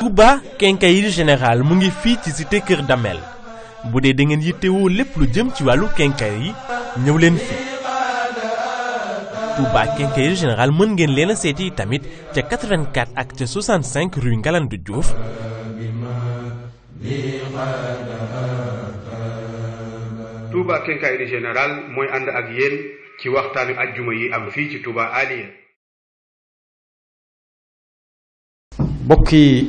Touba quincaillerie général mu ngi fii ci cité Kër Damel bu dee da ngeen yittewoo lépp lu jëm ci wàllu quincaillerie yi ñëw leen fii Touba quincaillerie générale mën ngeen leena a seeti tamit ca 84 ak ca 65 rue Ngalandou Diouf Touba quincaillerie générale mooy ànd ak yéen ci waxtaanu ajjuma yi am fii ci Touba Aliya bokki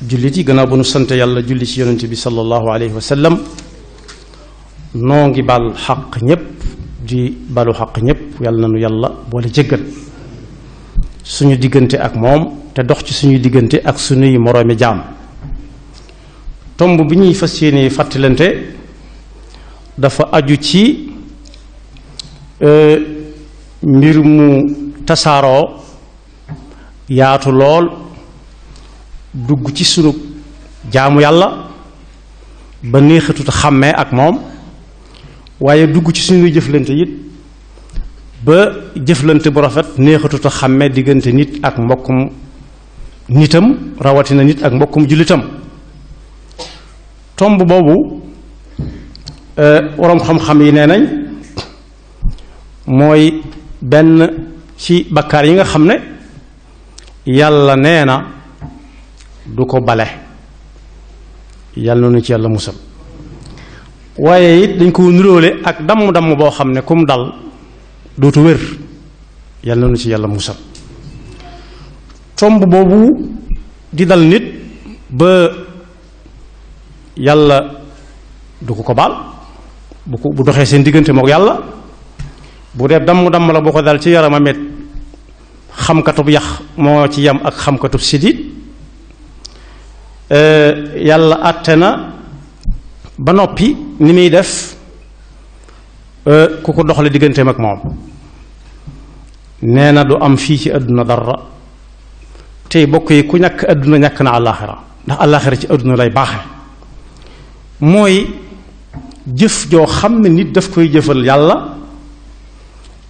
jullit yi gannaaw ba nu sant yàlla julli ci yonent bi sallallahu alayhi wa sallam noo ngi bal xaq ñépp di balu xaq ñépp yàlla na nu yàlla boole jéggal suñu diggante ak moom te dox ci suñuy diggante ak suñuy moroomi jaam tomb bi ñuy fas yéene fàttalante dafa aju ci euh, mbir mu tasaaroo yaatu lool dugg ci sunu jaamu yàlla ba neexatut xàmmee ak moom waaye dugg ci suñuy jëflante it ba jëflante bu rafet neexatut xàmmee diggante nit ak mbokkum nitam rawatina nit ak mbokkum jullitam tomb boobu waroom euh, xam-xam yi nee nañ mooy benn ci bakkaar yi nga xam ne yàlla nee na du ko bale yàlla noonu ci yàlla musal waaye it dañ ko nuróole ak damm damm boo xam ne kum dal dootu wér yàlla noonu ci yàlla musal tomb boobu di dal nit ba yàlla du ko ko baal bu ko bu doxee seen diggante mook yàlla bu dee damm damm la boo ko dal ci yaramam xamkatub yax moo ci yam ak xamkatub sidit eh, yàlla àtte na ba noppi ni muy def eh, ku ko doxale digganteem ak moom nee na du am fii ci àdduna dara tey bokk yi ku ñàkk àdduna ñàkk na àllaaxira ndax àllaaxira ci àdduna lay baaxe mooy jëf joo xam ne nit daf koy jëfal yàlla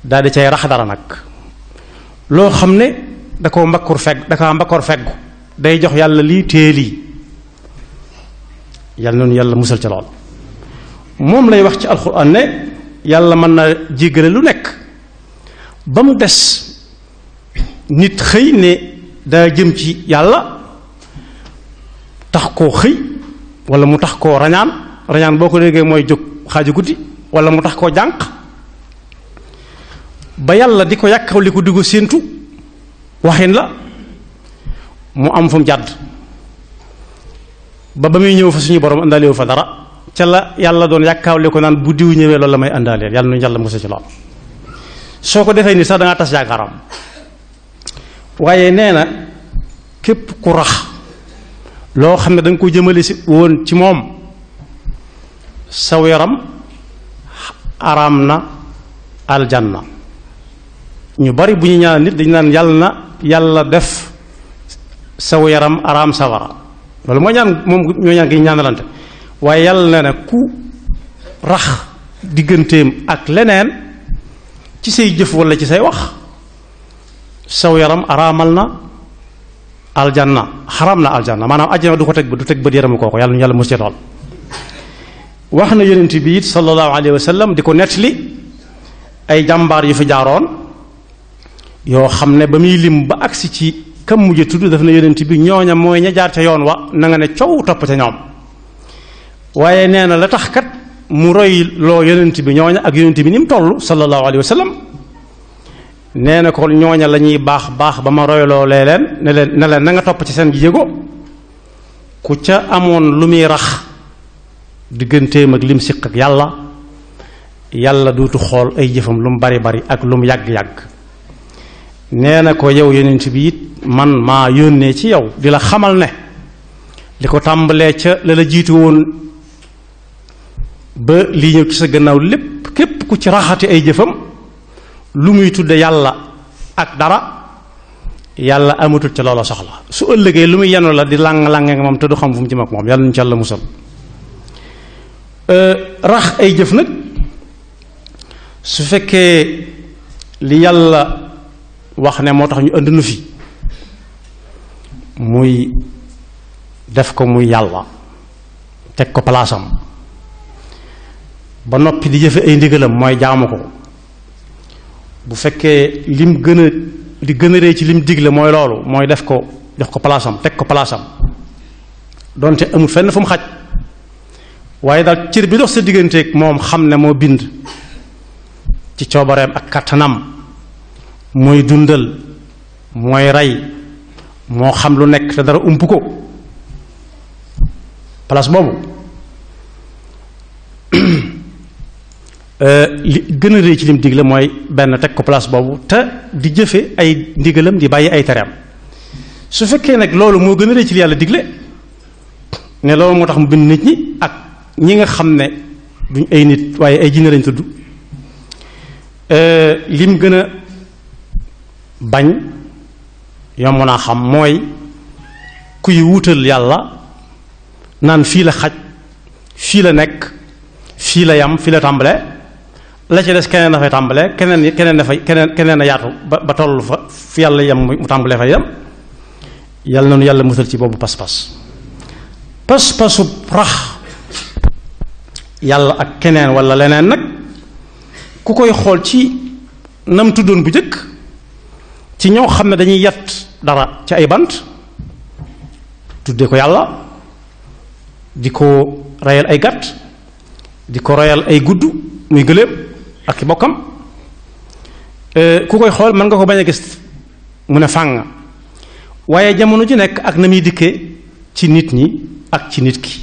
daal di cay rax dara nag loo xam ne da koo mbakkur fegg da kaa mbakkoor feggu day jox yàlla lii téye lii yàlla noonu yàlla musal ca lool moom lay wax ci alxuraan ne yàlla mën na jéggale lu nekk ba mu des nit xëy ne daa jëm ci yàlla tax koo xëy wala mu tax koo rañaan rañaan boo ko déggee mooy jóg xaaju guddi wala mu tax koo jànq ba yàlla di ko yàkkaw li ko di ko séentu waxin la mu am fu mu jàdd ba ba muy ñëw fa suñu borom àndaalewu fa dara ca la yàlla doon yàkkaaw li ko naan bu diw ñëwee loolu la may àndaaleel yàlla nu yàlla mos ci lool soo ko defee nii sax dangaa tas yaakaaram waaye nee na képp ku rax loo xam ne danga ko jëmale si woon ci moom saw yaram araam na aljanna ñu bari bu ñu ñaan nit dañu naan yàlla na yàlla def saw yaram araam sawara loolu mooy ñaan moom ñoo ñaan gi ñaanalante waaye yàlla na ne ku rax digganteem ak leneen ci say jëf wala ci say wax saw yaram araamal na aljanna xaraam na aljanna maanaam ajjana du ko teg ba du teg bët yaramu kooku yàlla nu yàlla mos ci lool wax na yonent bi it sallallahu alayhi di ko nettali ay jàmbaar yu fi jaaroon yoo xam ne ba muy lim ba agsi ci kam mujj tudd daf na yonent bi ñooña mooy ña jaar ca yoon wa nanga ne coow topp ca ñoom waaye nee na la tax kat mu roy loo yonent bi ñooña ak yonent bi ni mu toll sallallahu alayhi wa sallam nee na ko ñooña la ñuy baax baax ba ma royloo lee leen ne leen ne leen nanga topp ci seen jéego ku ca amoon lu muy rax digganteem ak lim siq ak yàlla yàlla duutu xool ay jëfam lu mu bari bari ak lu mu yàgg-yàgg nee na ko yow yonent bi it man maa yónnee ci yow di la xamal ne li ko tàmbalee ca la la jiitu woon ba lii ñëw ci sa gannaaw lépp képp ku ci raxati ay jëfam lu muy tudde yàlla ak dara yàlla amatul ca loola soxla su ëllëgee lu muy yenu la di làng-lànge nga moom te du xam fu mu ci mag moom yàlla ñu ci yàlla musal euh, rax ay jëf nag su fekkee li yàlla wax ne moo tax ñu indi nu fi muy def ko muy yàlla teg ko palaasam ba noppi di jëfe ay ndigalam mooy jaamu ko bu fekkee lim gën a di gën a rëy ci lim digle mooy loolu mooy def ko jox ko palaasam teg ko palaasam donte amul fenn fu mu xaj waaye daal cër bi dox sa digganteeg moom xam ne moo bind ci coobareem ak kattanam mooy dundal mooy rey moo xam lu nekk te dara ump ko place boobu euh, li gën a rëy ci lim digle mooy benn teg ko place boobu te di jëfe ay ndigalam di bàyyi ay tereem su fekkee nag loolu moo gën a rëy ci li yàlla digle ne loolu moo tax mu bind nit ñi ak ñi nga xam ne duñ ay nit waaye ay jinne lañ tudd euh, lim gën a bañ yomb naa xam mooy kuy wutal yàlla naan fii la xaj fii la nekk fii la yam fii la tàmbale la ci des keneen dafay tàmbale keneen keneen dafay keneen keneen a yaatu ba ba toll fa yàlla yam mu tàmbalee fa yam yàlla noonu yàlla musal ci boobu pas-pas pas-pasu rax yàlla ak keneen walla leneen nag ku koy xool ci nam tuddoon bu njëkk ci ñoo xam ne dañuy yet dara ci ay bant tudde ko yàlla di ko rayal ay gàtt di ko reyal ay gudd muy gëléem ak i bokkam euh, ku koy xool mën nga ko bañ a gis mu ne fàng waaye jamono ji nekk ak na muy dikkee ci nit ñi ak ci nit ki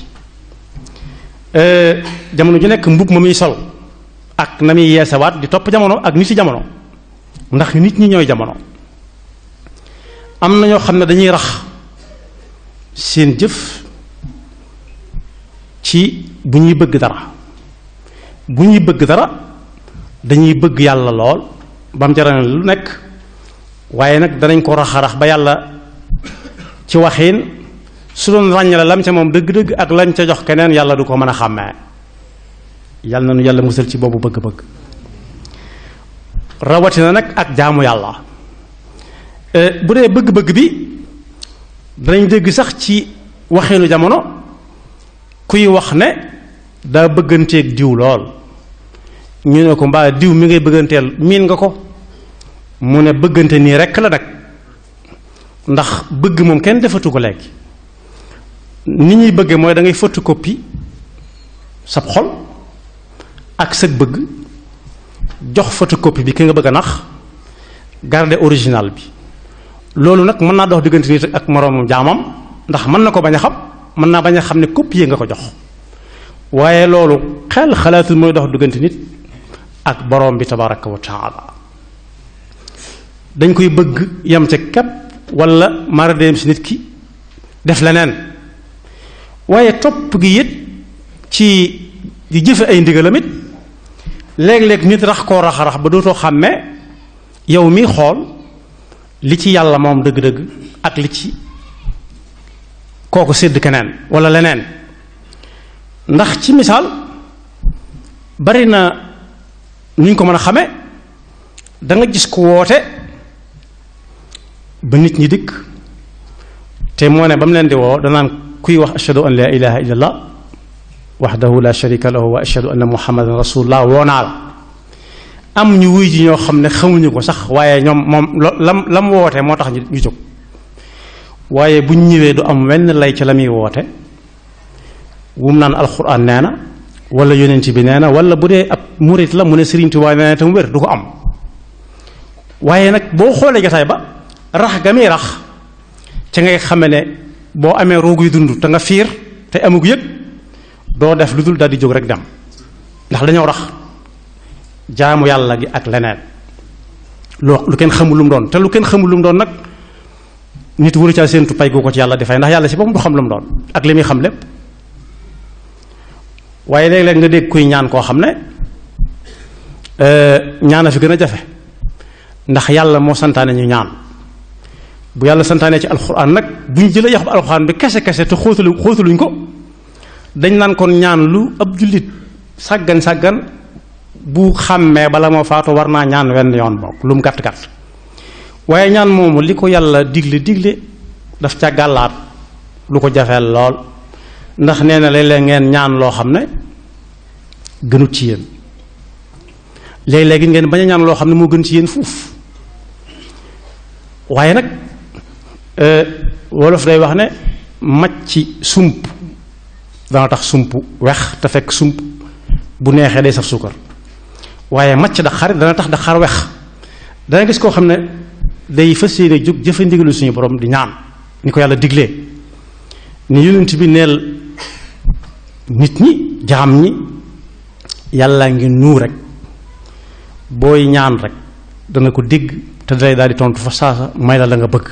euh, jamono ju nekk mbub ma muy sol ak na muy yeesewaat di topp jamono ak nit ci jamono ndax nit ñi ñooy jamono am na ñoo xam ne dañuy rax seen jëf ci bu ñuy bëgg dara bu ñuy bëgg dara dañuy bëgg yàlla lool ba mu jaral lu nekk waaye nag danañ ko rax a rax ba yàlla ci waxin su doon ràññale lam ca moom dëgg-dëgg ak lam ca jox keneen yàlla du ko mën a xàmmee yàlla na nu yàlla musal ci boobu bëgg-bëgg rawatina nag ak jaamu yàlla Euh, bu dee bëgg-bëgg bi danañ dégg sax ci waxeenu jamono kuy wax ne daa bëgganteeg diw lool ñu ne ko mbaa diw mi ngay bëgganteel miin nga ko mu ne bëggante nii rekk la nag ndax bëgg moom kenn defatu ko léegi ni ñuy bëgge mooy da ngay photocopie sab xol ak sag bëgg jox photocopie bi ki nga bëgg nax garder original bi loolu nag mën naa dox diggante nit ak moroomam jaamam ndax mën na ko bañ a xam mën naa bañ a xam ne copier nga ko jox waaye loolu xel xalaatul mooy dox diggante nit ak boroom bi tabaraka kaw taala dañ koy bëgg yam ca képp wala maradeem si nit ki def leneen waaye topp gi it ci di jëfe ay ndigalam it léeg-léeg nit rax koo rax ba dootoo xàmmee yow mi xool li ci yàlla moom dëgg-dëgg ak li ci kooku sedd keneen wala leneen ndax ci misaal bari na nu ko mën a xame danga gis ku woote ba nit ñi dikk te moo ne ba mu leen di woo danaan kuy wax ashhadu an laa ilaha illa waxdahu la sharika lahu wa ashhadu anna muhammadan rasulullah woo naa la am ñu wuy ji ñoo xam ne xamuñu ko sax waaye ñoom moom lam lam woote moo tax ñu jóg waaye buñ ñëwee du am wenn lay ci la muy woote wum naan alxuraan nee na wala yonent bi nee na wala bu dee ab murit la mu ne Sëriñ Tuubaa nee na te mu wér du ko am waaye nag boo xoolee jotaay ba rax ga muy rax ca ngay xame ne boo amee rooguy dund te nga fiir te amug yëg doo def lu dul daal di jóg rek dem ndax dañoo rax jaamu yàlla gi ak leneen loo lu kenn xamul lu doon te lu kenn xamul lu mu doon nag nit wuru ca séentu pay gu ko ci yàlla di fay ndax yàlla si boppam du xam lu mu doon ak li muy xam lépp waaye léeg-léeg nga dégg koy ñaan koo xam ne euh, ñaan a fi gën a jafe ndax yàlla moo santaane ñu ñaan bu yàlla santaanee ci alxuraan nag bu ñu jëlee yax bu alxuraan bi kese kese te xóotalu xóotaluñ ko dañ naan kon ñaan lu ab jullit sàggan sàggan bu xàmmee bala moo faatu war naa ñaan wenn yoon bokk lu mu gàtt gàtt waaye ñaan moomu li ko yàlla digle digle daf ca gàllaat lu ko jafeel lool ndax nee na léeg-léeg ngeen ñaan loo xam ne gënut ci yéen léeg-léegi ngeen bañ ñaan loo xam ne moo gën ci yéen fuuf waaye nag euh, wolof day wax ne ci sump dana tax sump wex te fekk sump bu neexee day saf suukar waaye macc daqaar dana tax daqaar wex dana gis koo xam ne day fas yéene jóg jëfe ndigalu suñu borom di ñaan ni ko yàlla diglee ni yonent bi neel nit ñi jaam ñi yàlla ngi nuu rek booy ñaan rek dana ko dégg te dalay daal di tontu fa saasa may la la nga bëgg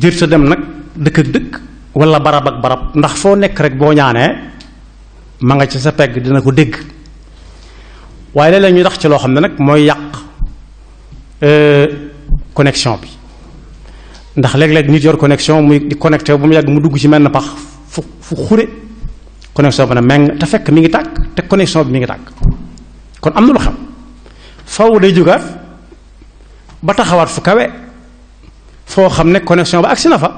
jër sa dem nag dëkk ak dëkk wala barab ak barab ndax foo nekk rek boo ñaanee ma nga ci sa pegg dina ko dégg waaye léeg-léeg ñu tax ci loo xam ne nag mooy yàq euh, connexion bi ndax léeg-léeg nit yor connexion muy di connecté ba mu yàgg mu dugg ci menn pax fu fu xure connexion bi nag meng te fekk mi ngi tàkk te connexion bi mu ngi tàkk kon am na lu xam faw day jógaat ba taxawaat fu kawe foo xam ne connexion ba ak na fa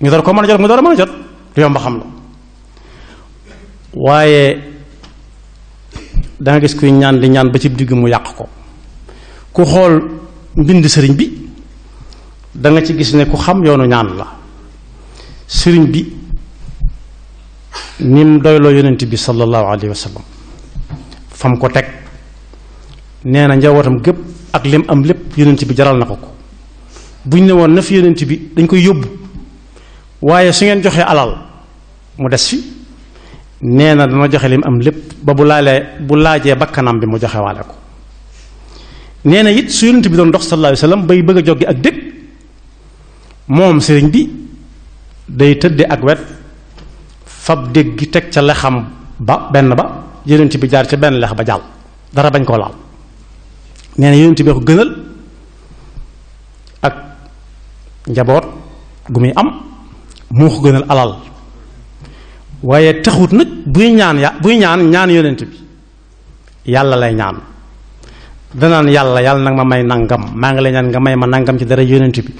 ñu door ko mën a jot mu door a mën a jot du yomb xam na waaye danga gis kuy ñaan di ñaan ba ci digg mu yàq ko ku xool mbind sëriñ bi danga ci gis ne ku xam yoonu ñaan la sëriñ bi nim doyloo yonent bi sallallahu alayhi wa sallam fam ko teg nee na njabootam gépp ak lim am lépp yonent bi jaral na ko ko buñ ne woon na fi yonent bi dañ koy yóbbu waaye su ngeen joxee alal mu des fi nee na dana joxe lim am lépp ba bu laalee bu laajee bakkanam bi mu joxewaale ko nee na it su yonent bi ndox dox sallallahu alayhi wa sallam bay bëgg joge ak dëkk moom sëriñ bi day tëdde ak wet fab dégg gi teg ca lexam ba benn ba yonent bi jaar ca benn lex ba jàll dara bañ koo laal nee na yonent bi ko gënal ak njaboot gu muy am moo ko gënal alal waaye taxut nag buy ñaan ya buy ñaan ñaan yonent bi yàlla lay ñaan danaan yàlla yàlla nag ma may nangam maa ngi lay ñaan nga may ma nangam ci dara yonent bi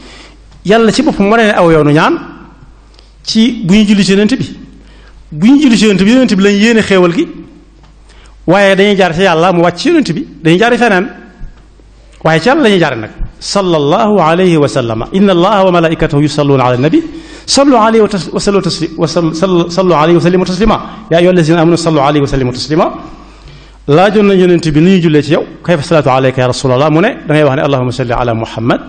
yàlla ci boppam moo aw yoonu ñaan ci bu ñu julli ci yonent bi bu ñu julli ci yonent bi yonent bi lañ yéene xéewal gi waaye dañuy jaar ci yàlla mu wàcc ci yonent bi dañuy jaar feneen waaye ci yàlla lañuy jaare nag sallallahu alayhi wa sallama inna allaha wa malaikatahu yusalluuna ala nabi sallu alayhi wa sallu wa sallu alayhi wa sallimu taslima yaa ayyuha allazina amanu sallu alayhi wa sallimu taslima laajoon nañ yonent bi ni ñuy jullee ci yow kayfa salaatu alayka ya rasulallah mu ne da ngay wax ne allahuma salli ala muhammad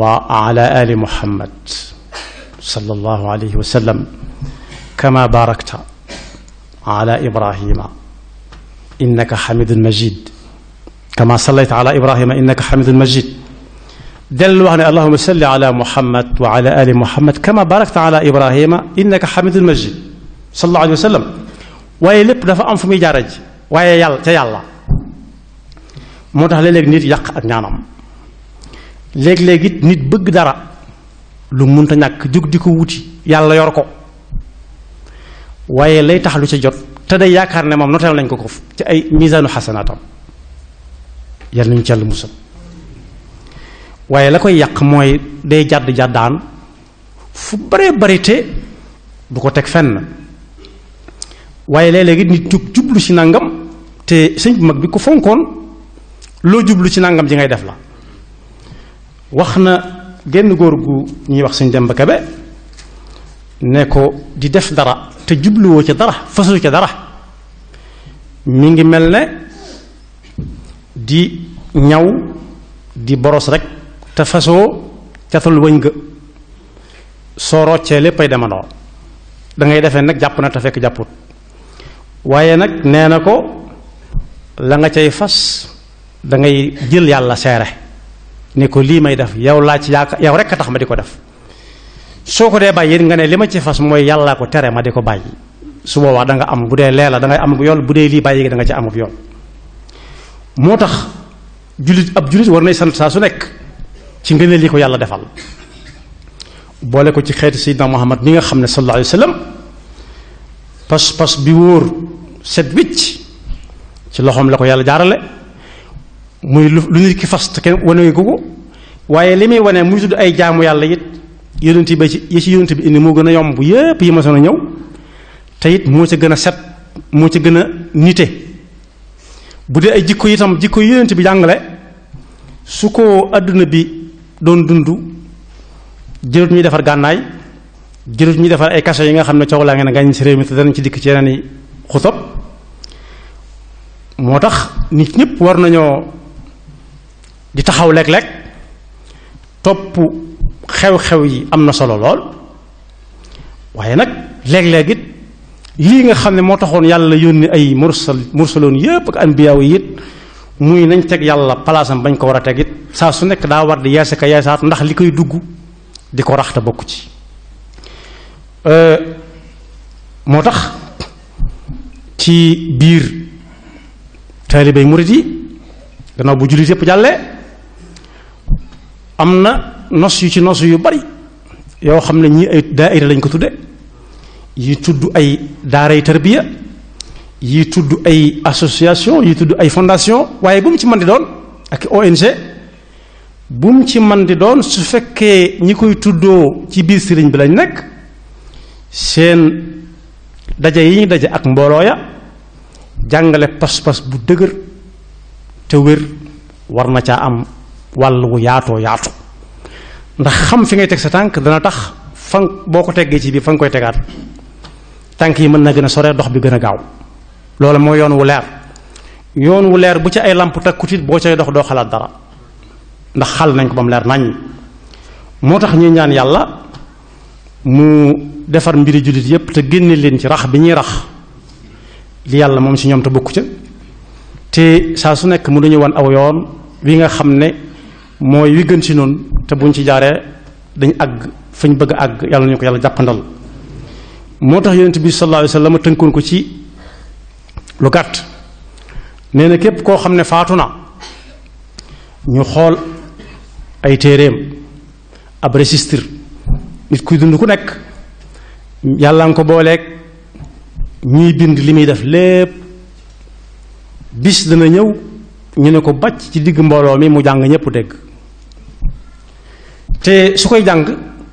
wa ala ali muhammad sallallahu alayhi wa sallam kama barakta ala ibrahima innaka xamidun majid kama sallayta ala ibrahima innaka xamidun majid dellu wax ne allahuma salli ala muhammad wa ala ali muhammad kama barakta ala ibrahima innaka xamidul majid sallallahu alayhi wa sallam waaye lépp dafa am fu muy jaara ji waaye yàlla ca yàlla moo tax léeg-léeg nit yàq ak ñaanam léeg-léeg it nit bëgg dara lu munta ñàkk jóg di ko wuti yàlla yor ko waaye lay tax lu ca jot te day yaakaar ne moom noteel nañ ko ko ci ay misaanu xasanaatam yàlla nañ ci yàlla musal waaye la koy yàq mooy day jàdd jàddaan fu bare bari te du ko teg fenn waaye léeg-léegi nit jublu ci nàngam te sëñ bu mag bi ko fonkoon loo jublu ci nàngam ji ngay def la wax na genn góor gu ñuy wax sëñ Demba Kebe ne ko di def dara te jubluwoo ca dara fasul ca dara mi ngi mel ne di ñaw di boros rek te fasoo catul wëñ ga soo roccee léppay demandoo da ngay defee nag jàpp na te fekk jàpput waaye nag nee na ko la nga cay fas dangay jël yàlla seere ne ko lii may def yow laa ci yaaka yow rekk a tax ma di ko def soo ko dee bàyyi nga ne li ma ci fas mooy yàllaa ko tere ma di ko bàyyi su boobaa da am bu dee lee la da ngay am bu yool bu dee lii bàyyi da nga ci amub yool moo tax jullit ab jullit war nay sant saa su nekk ci ngëneel li ko yàlla defal boole ko ci xeeti Seydina Muhammad mi nga xam ne sallallahu alayhi wa sallam pas-pas bi wóor set wicc ci loxoom la ko yàlla jaarale muy lu lu nit ki fas te kenn wane ko ko waaye li muy wane muy tudd ay jaamu yàlla yit yonent yi ba ci yi ci yonent bi indi moo gën a yomb yépp yi ma soon a ñëw te moo ci gën a set moo ci gën a nite bu dee ay jikko itam jikko yonent bi jàngale su ko àdduna bi doon dund jërut ñuy defar gànnaay jërut ñuy defar ay kaso yi nga xam ne coow laa ngeen gàññ si réew mi te danañ ci dikk ci yeneen i xutop moo tax nit ñëpp war nañoo di taxaw léeg-léeg topp xew-xew yi am na solo lool waaye nag léeg-léeg it lii nga xam ne moo taxoon yàlla yónni ay mursal mursaloon yépp ak anbiyaaw yi it muy nañ teg yàlla palaasam bañ ko war a teg saa su nekk daa war di yeese ka yeesaat ndax li koy dugg di ko raxte bokku ci euh, moo tax ci biir taalibey murit yi gannaaw bu jullit yépp jàllee am na nos yu ci nos yu bari yoo xam ne ñii ay daaira lañ ko tudde yi tudd ay daaray tarbiya yi tudd ay association yi tudd ay fondation waaye bu mu ci mën di doon ak ONG bu mu ci man di doon su fekkee ñi koy tuddoo ci biir sëriñ bi lañ nekk seen daje yi ñu daje ak mbooloo ya jàngale pas-pas bu dëgër te wér war na caa am wàll wu yaatoo yaatu ndax xam fi ngay teg sa tànk dana tax fan boo ko tegee ci biir fa nga koy tegaat tànk yi mën na gën a sore dox bi gën a gaaw loola moo yoon wu leer yoon wu leer bu ci ay làmp takkutit boo cay dox doo xalaat dara ndax xal nañ ko ba mu leer nañ moo tax ñuy ñaan yàlla mu defar mbiri jullit yépp te génne leen ci rax bi ñuy rax li yàlla moom ci ñoom te bokku ca te saa su nekk mu dañu wan aw yoon wi nga xam ne mooy wi gën ci noonu te buñ ci jaaree dañ àgg fañ bëgg a àgg yàlla ñu ko yàlla jàppandal moo tax yonent bi sallallahu alayhi tënkoon ko ci lu gàtt nee na képp koo xam ne faatu na ñu xool ay téeréem ab registre nit kuy dund ku nekk yàlla nga ko booleeg ñuy bind li muy def lépp bis dana ñëw ñu ne ko bàcc ci digg mbooloo mi mu jàng ñépp dégg te su koy jàng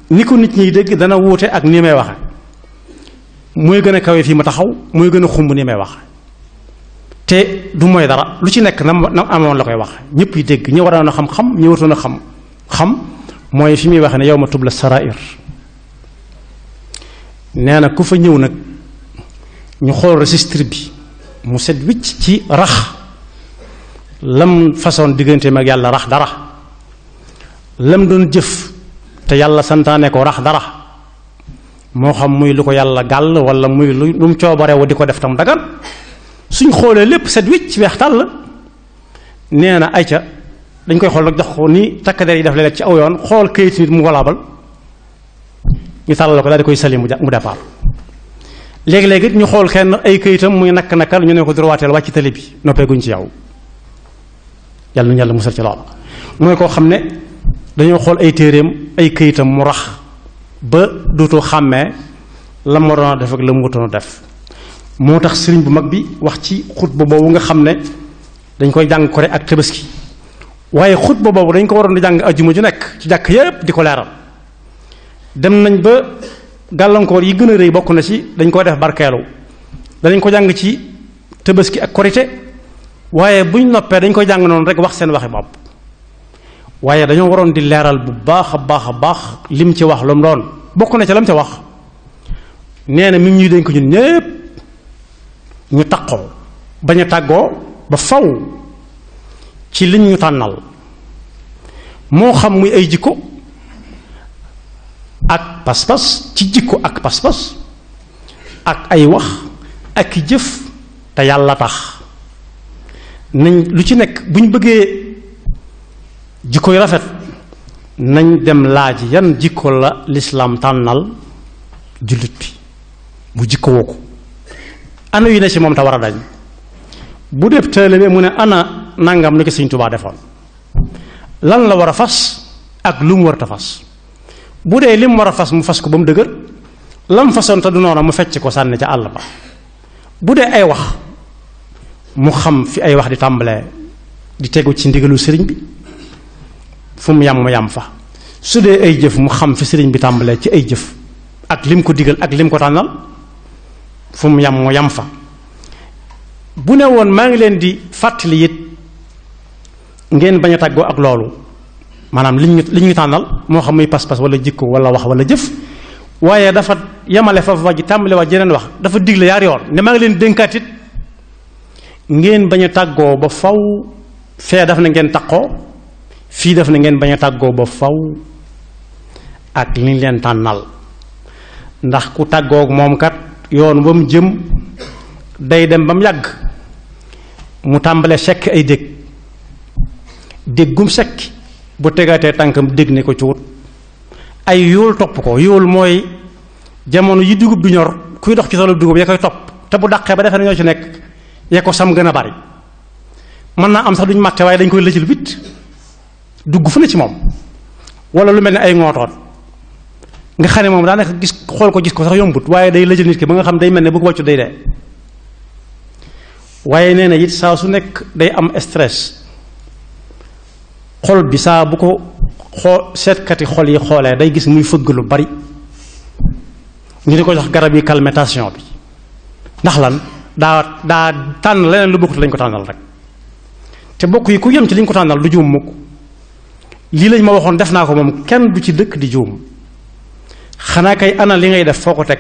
ni ko nit ñiy dégg dana wuute ak nii may waxe mooy gën a kawe fii ma taxaw mooy gën a xumb ni may wax te du mooy dara lu ci nekk na na amoon la koy wax ñëpp yi dégg ñi waroon xam xam ñi waroon xam xam mooy fi muy wax ne yow ma tubla sarair nee na ku fa ñëw nag ñu xool registre bi mu set wicc ci rax lam façon diggante ak yàlla rax dara lam doon jëf te yàlla santaane ko rax dara moo xam muy lu ko yàlla gàll wala muy lu mu coobare wa di ko def tam dagan suñ xoolee lépp set wicc weex tàll nee na ay ayca dañ koy xool rek jox ko ni takk der yi def léeg ci aw yoon xool kayit nit mu walaabal ñu tàllal ko daal di koy sali mu mu départ léegi-léegi ñu xool kenn ay kayitam muy nakk nakkal ñu ne ko droiteel wàcc tali bi noppee guñ ci yow yàlla na yàlla musal ci loola mooy koo xam ne dañoo xool ay téeréem ay kayitam mu rax ba duutu xàmmee la mu waroon def ak la mu wutoon def moo tax sëriñ bu mag bi wax ci ba boobu nga xam ne dañ koy jàng kore ak tabaski waaye xutba boobu dañ ko waroon di jàng ajjuma ju nekk ci jàkk yépp di ko leeral dem nañ ba gàllankoor yi gën a rëy bokk na ci dañ koy def barkeelu danañ ko jàng ci tabaski ak korite waaye buñ noppee dañ koy jàng noonu rek wax seen waxe bopp waaye dañoo waroon di leeral bu baax a baax a baax lim ci wax lu mu doon bokk na ci lam ca wax nee na mi ñuy ko ñun ñépp ñu taqoo bañ a tàggoo ba faw ci liñ ñu tànnal moo xam muy ay jikko ak pas-pas ci jikko ak pas-pas ak ay wax ak i jëf te yàlla tax nañ lu ci nekk bu ñu bëggee jikko yu rafet nañ dem laaj yan jikko la lislaam tànnal jullit bi mu jikko woo ko ana yu ne si moom te war a dañ bu def taalibe mu ne ana nangam ni ko sëñ Tuubaa defoon lan la war a fas ak lu mu war a fas bu dee li mu war a fas mu fas ko ba mu dëgër lam fasoon te du noona mu fecc ko sànni ca àll ba bu dee ay wax mu xam fi ay wax di tàmbalee di tegu ci ndigalu sëriñ bi fu mu yam mu yam fa su dee ay jëf mu xam fi sëriñ bi tàmbalee ci ay jëf ak lim ko digal ak lim ko tànnal fu mu yam mu yam fa bu ne woon maa ngi leen di fàttali it ngeen bañ tàggoo ak loolu maanaam liñ ñu liñ ñu tànnal moo xam muy pas-pas wala jikko wala wax wala jëf waaye dafa yemale fa wax ji tàmbale wax jeneen wax dafa digle yaari yoon ne maa ngi leen dénkaat ngeen bañ a tàggoo ba faw fee daf na ngeen taqoo fii daf na ngeen bañ a tàggoo ba faw ak liñ leen tànnal ndax ku tàggook moom kat yoon ba jëm day dem ba mu yàgg mu tàmbalee sekk ay dégg déggum sekki bu tegaatee tànkam dégg ne ko ci ay yool topp ko yool mooy jamono yi dugub du ñor kuy dox ci toolu dugub ya koy topp te bu dàqee ba defee na ci nekk ya ko sam gën a bari mën naa am sax duñ màtte waaye dañ koy lëjal bit dugg fu ne ci moom walla lu mel ne ay ngootoon nga xam ne moom daanaka gis xool ko gis ko sax yombut waaye day lëjal nit ki ba nga xam day mel ne bu ko wàccu day dee waaye nee na it saa su nekk day am stress xol bi saa bu ko xoo seetkati xol yi xoolee day gis muy fëgg lu bari ñu ne ko jox garab yi kalmetation bi ndax lan daa daa tànn leneen lu bokkut lañ ko tànnal rek te bokk yi ku yem ci liñ ko tànnal du juum mukk lii lañ ma waxoon def naa ko moom kenn du ci dëkk di juum xanaa kay ana li ngay def foo ko teg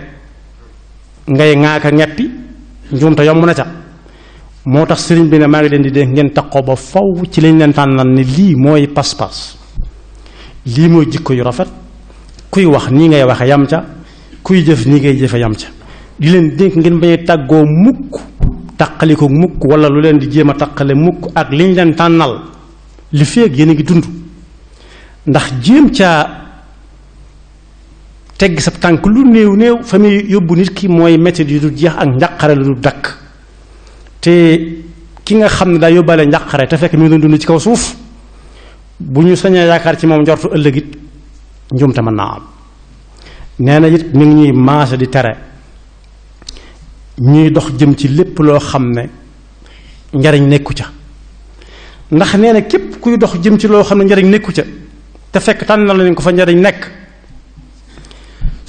ngay ŋaaka ñetti njuumte yomb na ca moo tax sëriñ bi ne maa ngi leen di dénk ngeen taxoo ba faw ci lañ leen tànnal ni lii mooy pas-pas lii mooy jikko yu rafet kuy wax nii ngay waxe yam ca kuy jëf nii ngay jëfe yam ca di leen dénk ngeen bañee tàggoo mukk taqaliko mukk wala lu leen di jéem a taqale mukk ak liñ leen tànnal li feeg yéen a ngi dund ndax jéem ca tegg sa tànk lu néew néew fa yóbbu nit ki mooy métit yu du jeex ak njàqare lu du dakk te ki nga xam ne daa yóbbaale njàqare te fekk mi ngi dund ci kaw suuf bu ñu sañee yaakaar ci moom njortu ëllëg it njuumte mën naa am nee na it ngi ñuy maase di tere ñuy dox jëm ci lépp loo xam ne njariñ nekku ca ndax nee na képp kuy dox jëm ci loo xam ne njariñ nekku ca te fekk tànn na lañ ko fa njariñ nekk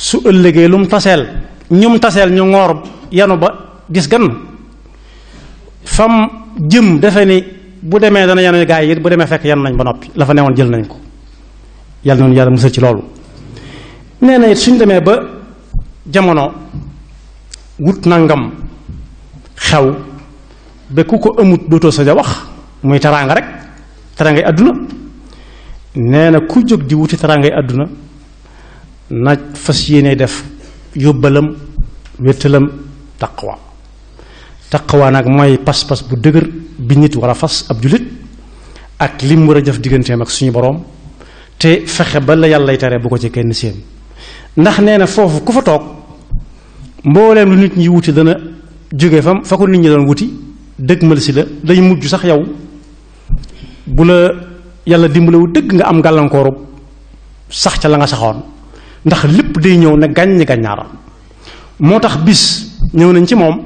su ëllëgee lu mu taseel ñum taseel ñu ngoor yanu ba gis gan fam jëm defe ni bu demee dana yanu gaa yi it bu demee fekk yan nañ ba noppi la fa newoon jël nañ ko yàlla noonu yàlla musal ci loolu nee na it suñ demee ba jamono wut nangam xew ba ku ko amut dootoo sa wax muy taraanga rek taraangay àdduna nee na ku jóg di wuti taraangay àdduna na fas yéene def yóbbalam wa taq taqwa nag mooy pas-pas bu dëgër bi nit war a fas ab jullit ak lim war a jëf digganteem ak suñu boroom te fexe ba la yàllay tere bu ko ci kenn séen ndax nee na foofu ku fa toog mbooleem lu nit ñi wuti dana jóge fam fa ko nit ñi doon wuti dëgmal si la day mujj sax yow bu la yàlla dimbalewul dëgg nga am gàllankooru sax ca la nga saxoon ndax lépp day ñëw ne gàññ gàññaaram moo tax bis ñëw nañ ci moom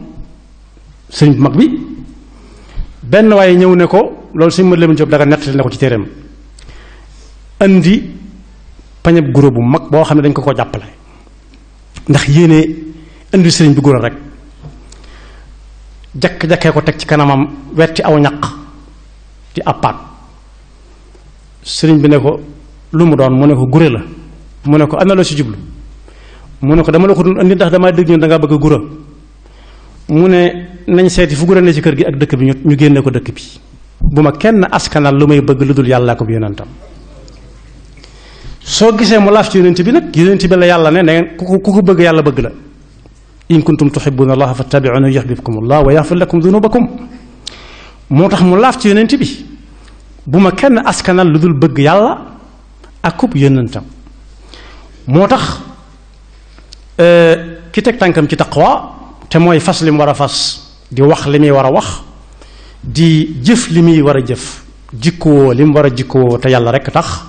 sëñ bu mag bi benn waaye ñëw ne ko loolu sëñ ma Lamine Diop daga nettali na ko ci téereem indi pañab guro bu mag boo xam ne dañ ko ko jàppale ndax yéene indi sëriñ bi guro rek jakk-jakkee ko teg ci kanamam wetti aw ñaq di àppaat sëriñ bi ne ko lu mu doon mu ne ko gure la mu ne ko ana la si jublu mu ne ko dama la ko doon andi ndax damaa dégg ñu da ngaa bëgg a mu ne nañ seeti fu gura ne ci kër gi ak dëkk bi ñu génnee ko dëkk bi bu ma kenn askanal lu may bëgg lu dul yàllaa ko bi yonentam soo gisee mu laaf ci yonent bi nag yonent bi la yàlla ne ne ku ku ko yàlla bëgg la in kuntum tuhibbuna allaha fattabi'uni yuhibbukum allah wa yaghfir lakum dunubakum moo tax mu laaf ci yonent bi bu ma kenn askanal lu dul bëgg yàlla ak kub yonentam moo tax euh, ki teg tànkam ci taqwa te mooy fas lim mu war a fas di wax li muy war a wax di jëf li muy war a jëf jikkoo lim mu war a jikkoo te yàlla rekk tax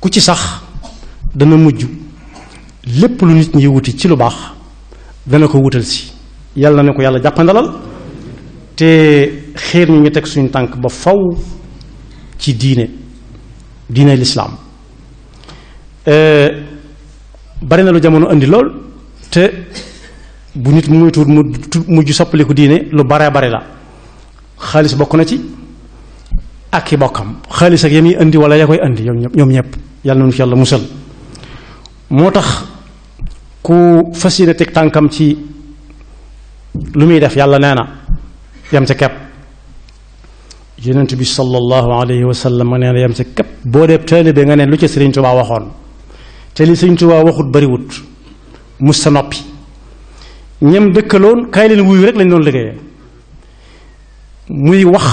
ku ci sax dana mujj lépp lu nit ñi wuti ci lu baax dana ko wutal si yàlla na ko yàlla jàppandalal te xeer ñu ngi teg suñu tànk ba fow ci diine diine lislaam Euh, bari na lu jamono indi lool te bu nit muy tuut mu mujj soppaliku diine lu bare bari la xaalis bokk na ci ak ki bokkam xaalis ak yami indi wala yaa koy indi ñoom ñëpp ñoom ñëpp yàlla nañu fi yàlla musal moo tax ku fas yéene teg tànkam ci lu muy def yàlla nee na yem ca kepp yonent bi sallallahu alayhi wa sallam nee na yem ca kepp boo dee taalibe nga ne lu ca Sëriñ ba waxoon te li sëñ Tuubaa waxut bariwut mus sa noppi ñam dëkkaloon kaay leen wuyu rek lañ doon liggéeyee muy wax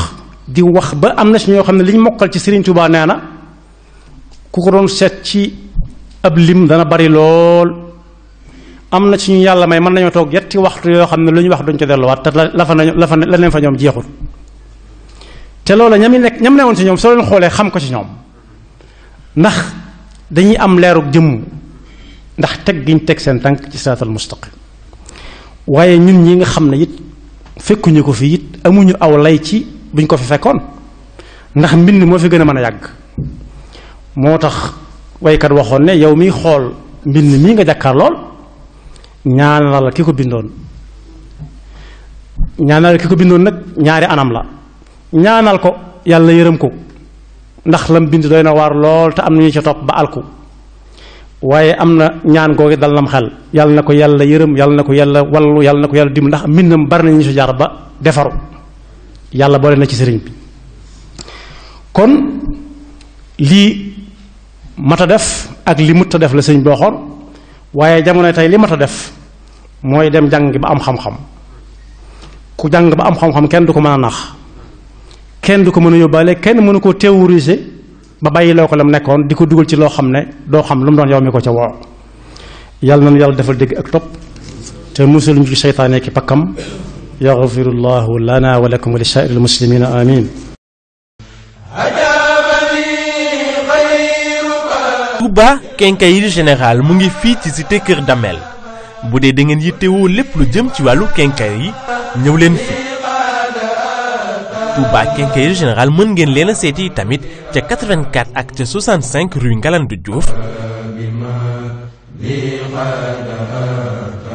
di wax ba am na si ñoo xam ne liñ mokkal ci sëriñ Tuubaa nee na ku ko doon seet ci ab lim dana bari lool am na ci ñu yàlla may mën nañoo toog yetti waxtu yoo xam ne lu ñu wax duñ ca delluwaat te la fa la fa la leen fa ñoom jeexul te loola ñam yi nekk ñam ne woon ci ñoom soo leen xoolee xam ko ci ñoom ndax dañuy am leerug jëmm ndax teg giñ teg seen tànk ci siraatal mustaqim waaye ñun ñi nga xam ne it fekkuñu ko fii it amuñu aw lay ci buñ ko fi fekkoon ndax mbind moo fi gën a mën a yàgg moo tax waykat waxoon ne yow miy xool mbind mii nga jàkkaar lool ñaanal ki ko bindoon ñaanal ki ko bindoon nag ñaari anam la ñaanal ko yàlla yërëm ko ndax lam bind doy na waar lool te am na ñu ca topp ba alku waaye am na ñaan googu dal nam xel yàlla na ko yàlla yërëm yàlla na ko yàlla wallu yàlla na ko yàlla dim ndax mbindam bari na ñu si jaar ba defaru yàlla boole na ci sëriñ bi kon lii mat a def ak li mutta def la sëriñ bi waxoon waaye jamono tey li mat a def mooy dem jàng ba am xam-xam ku jàng ba am xam-xam kenn du ko mën a nax kenn du ko mën a yóbbaale kenn mënu ko théoriser ba bàyyi loo ko la mu nekkoon di ko dugal ci loo xam ne doo xam lu mu doon yow mi ko ca woo yàlla nañu yàlla defal dégg ak topp te musul ñu ci seytaane ki pakkam yaxfirullahu lana wa lakum wa li saa'iri l-muslimina amin Touba Quincaillerie Générale mu ngi fii ci cité Kër Damel bu dee da ngeen yittewoo lépp lu jëm ci wàllu quincaillerie yi ñëw leen Touba quincaillerie générale mën ngeen leen a seeti tamit ca 84 ak ca 65 rue Ngalandou Diouf